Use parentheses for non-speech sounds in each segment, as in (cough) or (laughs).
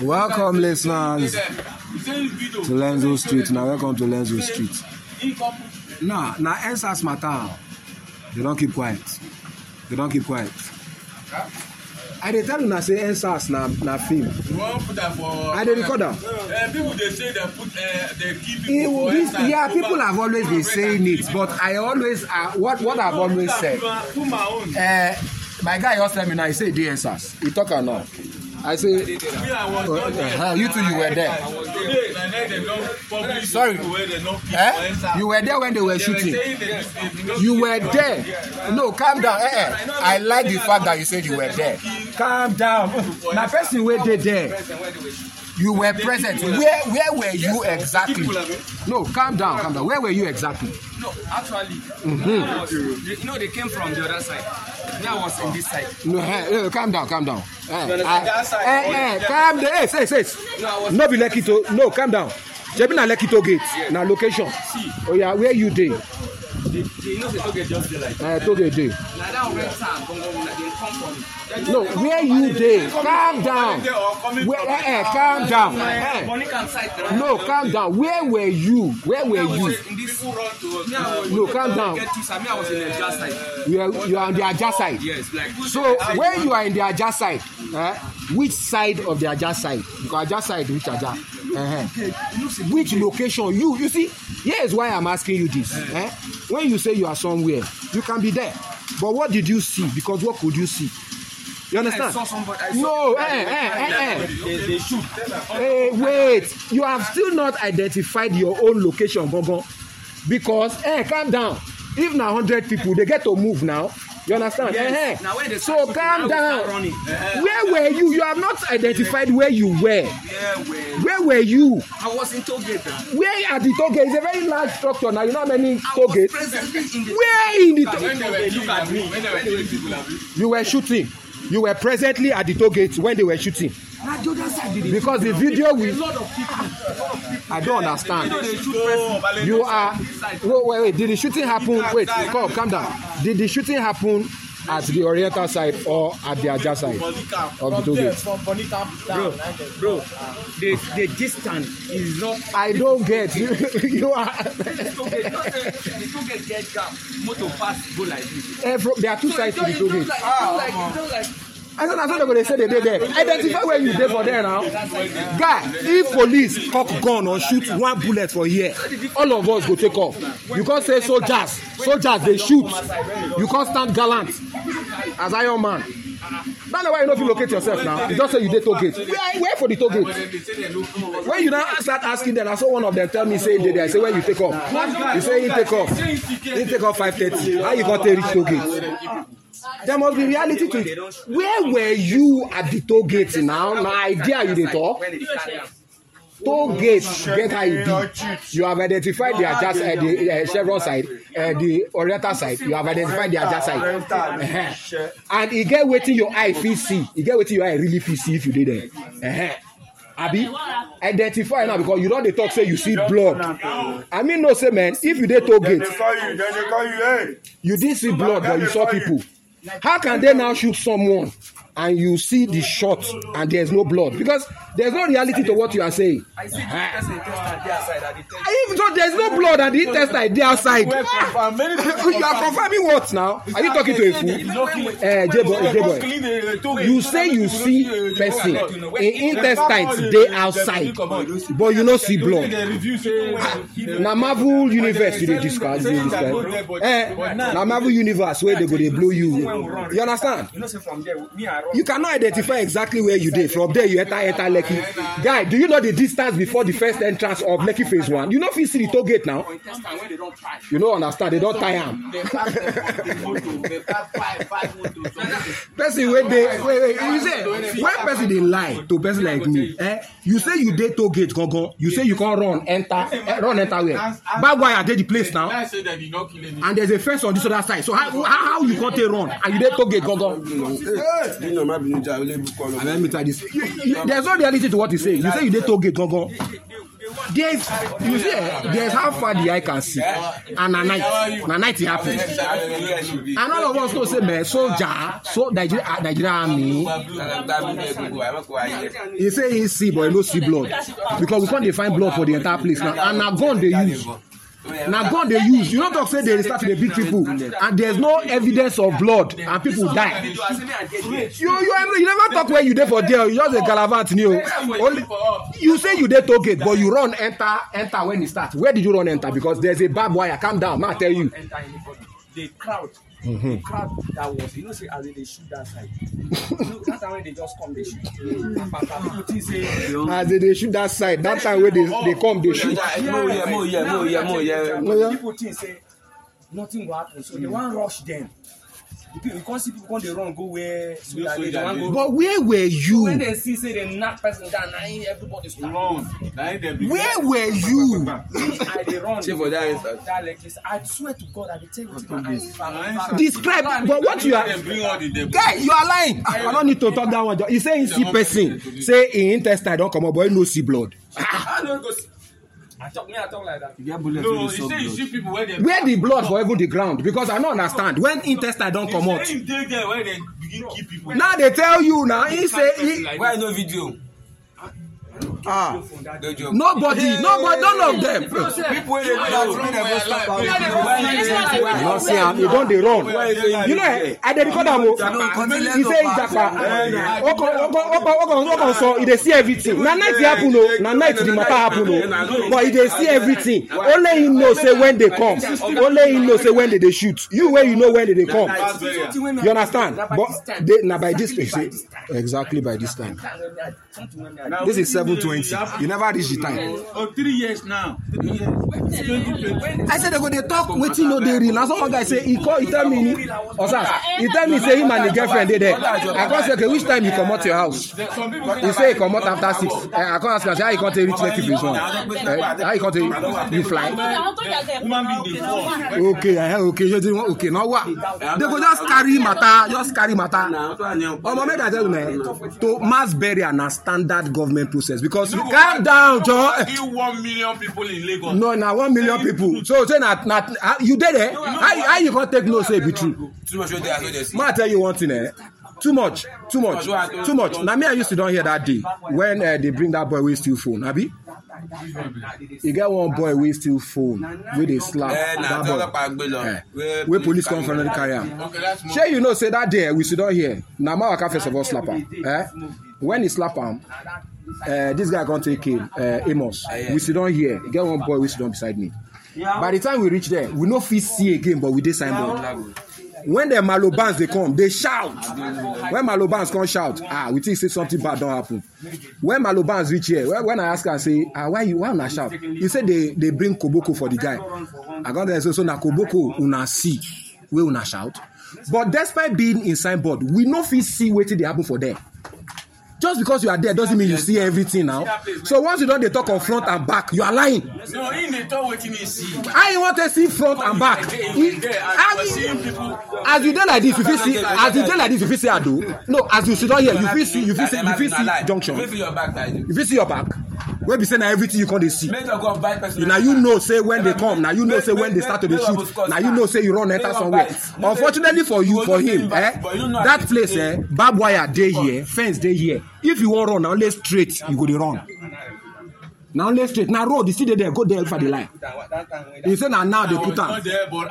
Welcome, listeners, to Lenzo Street. Now, welcome to Lenzo Street. Now, now, answers matter. They don't keep quiet. They don't keep quiet. I dey tell una say answers na na film. You wan put am for. I dey record am. Uh, people dey say they put uh, they people for answers. Yeah, people have always been saying it, but I always uh, what what I've always said. Uh, my guy just tell me now, he say e dey answers. He talk am now. Okay. I say, uh, you two, you were there. Sorry. Eh? You were there when they were shooting. You were there. No, calm down. Eh, eh. I like the fact that you said you were there. Calm down. Now, person where they there. You were present. Where where were you exactly? No, calm down, calm down. Where were you exactly? No, actually, mm-hmm. you know they came from the other side. No, hey, no, calm down, calm down. Hey, no, hey, hey, calm down. Hey, say, say. No, be Lekki to. No, calm down. Shebi na Lekki to gate. now location. Oh yeah, where you dey? Uh, eh, toge dey. na no where you day? calm down where eh eh calm down eh no calm down where were you where were you no calm down you are you are on the ajah side so where you are in the ajah side. Eh? which side of the ajah side because ajah side which ajah uh-huh. which location you you see here is why i'm asking you this eh. eh? when you say you are somewhere you can be there but what did you see because what could you see you understand? no, eh, eh, eh, eh. They eh, wait. You have still not identified your own location, Bongo. Because, eh, calm down. If now 100 people, they get to move now. You understand? Yes. Now, when so calm down. Running. Where were you? You have not identified where you were. Yeah, where, were you? I was in Toge. Where at the Toge? It's a very large structure now. You know how many Toge? Where in the Toge? You were shooting. You were presently at the toll when they were shooting. Na Jordan because the video we i don't understand you are wait wait wait did the shooting happen wait come calm down did the shooting happen at the oriental side or at the ajah side of the toll bro bro ah. the the distance is not. i don't get you (laughs) you are. the toll gate the toll get gap motor pass go like this. Eh, there are two sides to the toll gate. I said, I thought they going to say they there. Identify where you there for there now. Guy, if police cock gun or shoot one bullet for here, all of us go take off. You can't say soldiers. Soldiers, they shoot. You can't stand gallant as Iron Man. By the way, you know if you locate yourself now, you just say you did toll gate. Where, where for the toll gate? When you now start asking them, I saw one of them tell me, say, they there. I say, where you take off? You say, you take off. You take off 5.30. How you got to reach toll gate? There must be reality to it. Where were you at the toll gate now? My dear, you dey talk. Toll gate get how e be. You have identified the Ajah uh, side, the uh, Chevron side, uh, the Oriental side. You have identified the Ajah side. Uh-huh. And e get wetin your eye fit see. E get wetin your eye really fit see if you dey there. Uh-huh. abi identify now because you don dey talk say you see blood i mean no say man if you dey toll gate you dey see blood but you saw people How can they now shoot someone and you see the shot and there's no blood because there's no reality to what you are saying. I see the intestine outside. If so, there's no blood and the intestine there outside. you are confirming what now? Are you talking to a fool? Uh, j You say you see person, in intestine dey outside, but you ah, no see blood. Eh, na Marvel universe you dey describe. You describe. na Marvel universe where they go dey blow you. You understand? You know say from there, me and you cannot identify exactly where you dey from there you enter enter lekki guy do you know the distance before the first entrance of lekki phase one you no fit see the toll gate now you no understand they don tie am (laughs) person wey dey wait wait you say when person dey lie to person like me eh you say you dey toll gate gangan you say you come run enter eh, run enter where bag wire dey the place now and there is a fence on this other side so how how, how you come take run and you dey toll gate gangan náà má bínú jà lé bukọ lọ. àbẹ mi ta dis there is no reality to what he say you say you dey toll gate gangan there is you see eh there is how far the eye can see and na night na night e happen and all of us know say meh soldier so nigeria ah, nigeria army he say he see but he no see blood because we come dey find blood for the entire place now and na gun dey use na God, dey use you no talk say they start to dey beat people and there's no evidence of blood and people die you you you never talk where you dey for there you just dey gallivant ni o only you say you dey toll gate but you run enter enter when e start where did you run enter because there's a barbed wire calm down ma tell you. the crowd mm-hmm. the crowd that was, you know, say, as they shoot that side. that time when they just come, they shoot. as they, shoot that side, that time when they, they come, they shoot. Yeah, yeah, yeah, yeah, yeah, oh, yeah. People think, say, nothing will happen. So mm. they want to rush them you come see people come dey run go where so that they go. but where were you. when dem see say dem knack person down na him everybody start. run na him dem be. where were you. me i dey run dey for that that i swear to god i dey tell you my eyes describe but what you are guy you are lying i ah, no need to talk that one he say he see person say him intestine don comot but he no see blood. i no go see. I no, so say blood. you see where where the blood for even the ground because I don't understand when intestine don't come out. Now they tell you now, he say he. Why no video? Ah. Nobody, nobody, none of them. People wey dey do that thing dey go stop am. You don see am, you don dey run. You know, I dey record am o. He say Ijapa. Oko oko oko oko oko so he dey see everything. Na night e happen o, oh. na night the matter happen o. Oh. But he dey see everything. Only he know say when they come. Only he know say when they dey shoot. You wey you know when they dey come. You understand? But na by this place. Eh? Exactly by this time. This is seven twenty you never reach the time. oh three years now i said they go They talk wetin no dey real na some guy say he call he tell me sir. he tell me say him and the girlfriend they there i come say okay which time you come out your house he say he come out after six eh, i come ask him. say how you come take reach lekki bridge one eh, how you come take you fly okay eh, okay you dey one okay Now what? they go just carry matter just carry matter My make i tell you na to mass burial na standard government process because because no, calm down John. you one million people in lagos. no na one million people so say na na you dey there how how you come take know say e be true. too i ma tell you one thing eh too much too much too much na me i used to don hear that day when uh, they bring that boy wey steal phone abi e get one boy wey steal phone wey dey slap eh, that boy eh, wey police come finally carry am shey you know say that day eh, we still don hear na mawaka first of all slap am eh? when he slap am Uh, this guy come take him, uh, Amos. Ah, we sit down here. Get one boy we sit down beside me. By the time we reach there, we no fit see again, but we dey signboard. Yeah. When the Malobans they come, they shout. When Malobans come shout, ah, we think say something bad don happen. When Malobans reach here, when, I ask am say, ah, why you why una shout? He said they they bring koboko for the guy. I come there say so na koboko una see wey una shout. But despite being in signboard, we no fit see wetin dey happen for there just because you are there doesn't mean you see everything now so once you don dey talk of front and back you are lying. no him dey talk wetin he see. I want to see front and back as you dey like this you fit see as you dey like this you fit see ado no as you sidon here you fit see you fit see you fit see junction you fit see your back wey be say na everything you come dey see Now you know say when they come Now you know say when they start to dey shoot Now you know say you run enter somewhere unfortunately for you for him eh that place eh barbed wire day here fence day here if you want run na only straight you go dey run Now only straight Now road you see they there go there for the line. he said now now they put am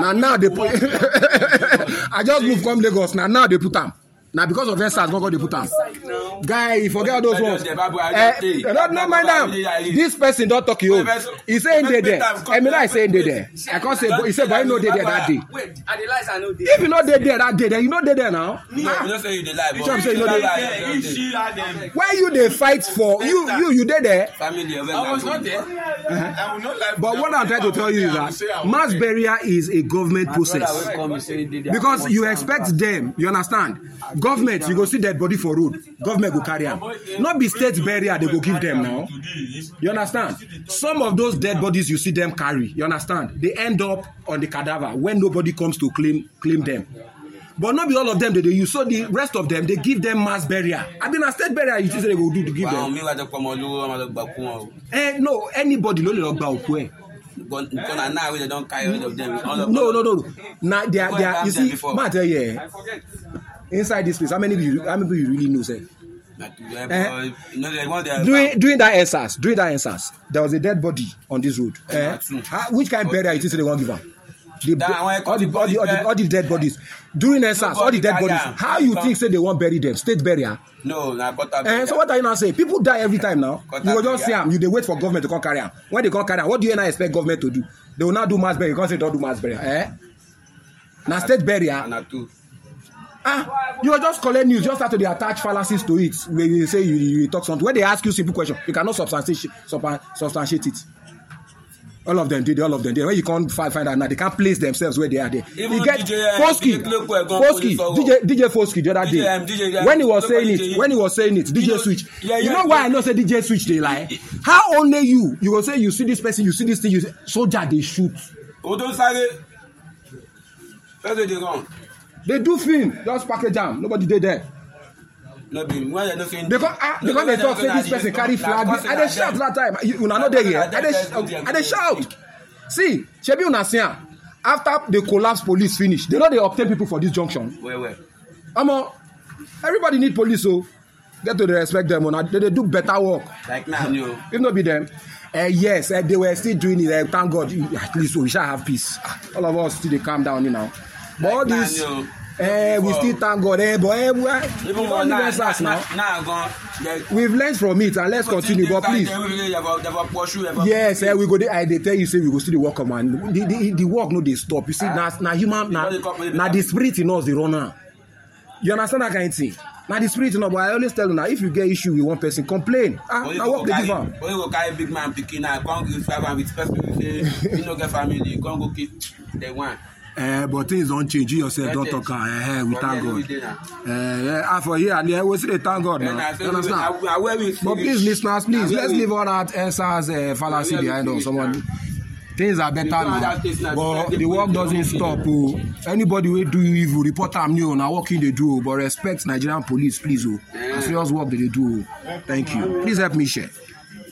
na now they put (laughs) i just moved from lagos Now now they put am na because of endsars gongo dey put am guy forget all those ones Don't, don't mind am this person don't talk you home he say him dey there emilai say they dey there i can't say he say but I know they there that day if you no dey there that day then you no dey there now ah you say you i lie saying you no lie. Where you dey fight for you you you dey there i was not there i will not lie but what i'm trying to tell you is that mass burial is a government process because you expect them you understand government you go see dead body for road government dem go carry am no be state burial they go give them now you understand some of those dead bodies you see them carry you understand They end up on the cadaver when nobody comes to claim claim them. but no be all of them. dey dey use so the rest of them. dey give them mass burial abi na state burial you think say they go do to give them. mi wá jẹ pọmọ olówó ọmọ lọ gbà kú wọn o. no anybody ló lè lọ gba òkú ẹ. because na wey dem don carry all of dem. no no no na their their you see ma tell you eh inside this place how many people you how many people you really know sef. Eh? Uh, during during that answers during that answers there was a dead body on this road. Uh, which kind of burial is think they won't give up. The, all, the, all, the, all, the, all the dead bodies during ensars all the dead bodies how you think say they won't bury them state burial. no na quarter eh, so what are you now say people die every time now you go just see them. you they wait for government to come carry am when they come carry am what do you now expect government to do they will now do mass burial you come say don do mass burial eh? na state burial ah you will just collect news just start to dey attach fallacies to it wey dey say you you talk something when they ask you simple question you cannot substantiate substantiate it all of them dey there all of them dey when you come find find out now they can place themselves where they are there Even you get foski foski dj dj foski the other day um, when he was saying it when he was saying it dj switch you know why i know say dj switch dey lie how only you you go say you see this person you see this thing you soldier dey shoot. o don sáré where dey dey run they do film just package am nobody dey there. no be when dem no fit. because ah because dem talk say this person carry flag i dey shout that time una no dey here i dey shout see shebi una see am after the collapse police finish They no dey obtain people for this junction. well well. omo everybody need police o. Oh. So. get to dey respect dem una dey dey do better work. like now ni if no be dem. Uh, eh, yes uh, they were still doing it uh, thank god at least oh, we shall have peace all of us still dey calm down you know. But all this, eh, we still thank God. Eh, but eh, we, we don't leave us now. now God, We've learned from it and let's continue. But please, yes, eh, we go. There, I they tell you say we go still the work, man. The, the, the work no they stop. You see, uh, ah. now na human, now now the spirit in us the runner. You understand that kind of thing? na the spirit you know, but i always tell you una if you get issue with one person complain ah na work dey give am. (laughs) oye go carry big man pikin na ah, come give five am with first people say he no get family come go kill the one Uh, but things don't change you yourself don't talk uh, uh, we thank god uh, uh, uh, for here and there we thank god now you understand but please lis ten ers please let's leave all that ensars uh, fallacy behind us someone things are better now but the work doesn't stop oh. anybody will do you evil report am ni o na work do oh? but respect nigerian police please o oh. na serious work dey dey do oh. thank you please help me share.